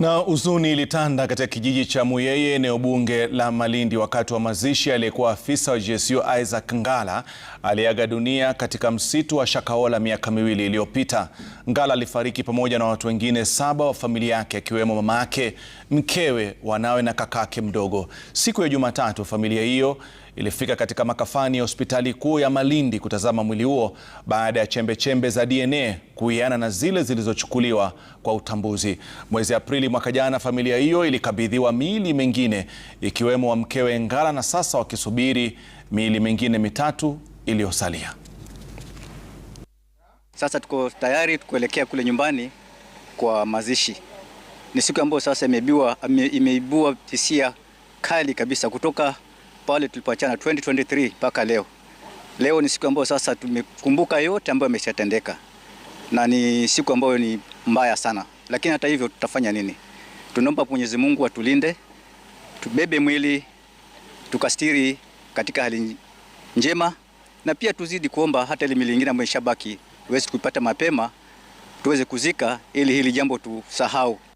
Na huzuni ilitanda katika kijiji cha Muyeye eneo bunge la Malindi wakati wa mazishi aliyekuwa afisa wa GSU Isaac Ngala aliyeaga dunia katika msitu wa Shakahola miaka miwili iliyopita. Ngala alifariki pamoja na watu wengine saba wa familia yake akiwemo mama yake, mkewe, wanawe na kakake mdogo. Siku ya Jumatatu familia hiyo ilifika katika makafani ya hospitali kuu ya Malindi kutazama mwili huo baada ya chembe chembe za DNA kuiana na zile zilizochukuliwa kwa utambuzi. Mwezi Aprili mwaka jana, familia hiyo ilikabidhiwa miili mingine ikiwemo wa mkewe Ngala na sasa wakisubiri miili mingine mitatu iliyosalia. Sasa tuko tayari kuelekea kule nyumbani kwa mazishi. Ni siku ambayo sasa imeibua, imeibua hisia kali kabisa kutoka pale tulipoachana 2023 mpaka leo. Leo ni siku ambayo sasa tumekumbuka yote ambayo yameshatendeka na ni siku ambayo ni mbaya sana, lakini hata hivyo tutafanya nini? Tunaomba Mwenyezi Mungu atulinde, tubebe mwili tukastiri katika hali njema, na pia tuzidi kuomba hata ile mili ingine ambayo ishabaki uweze kuipata mapema, tuweze kuzika ili hili jambo tusahau.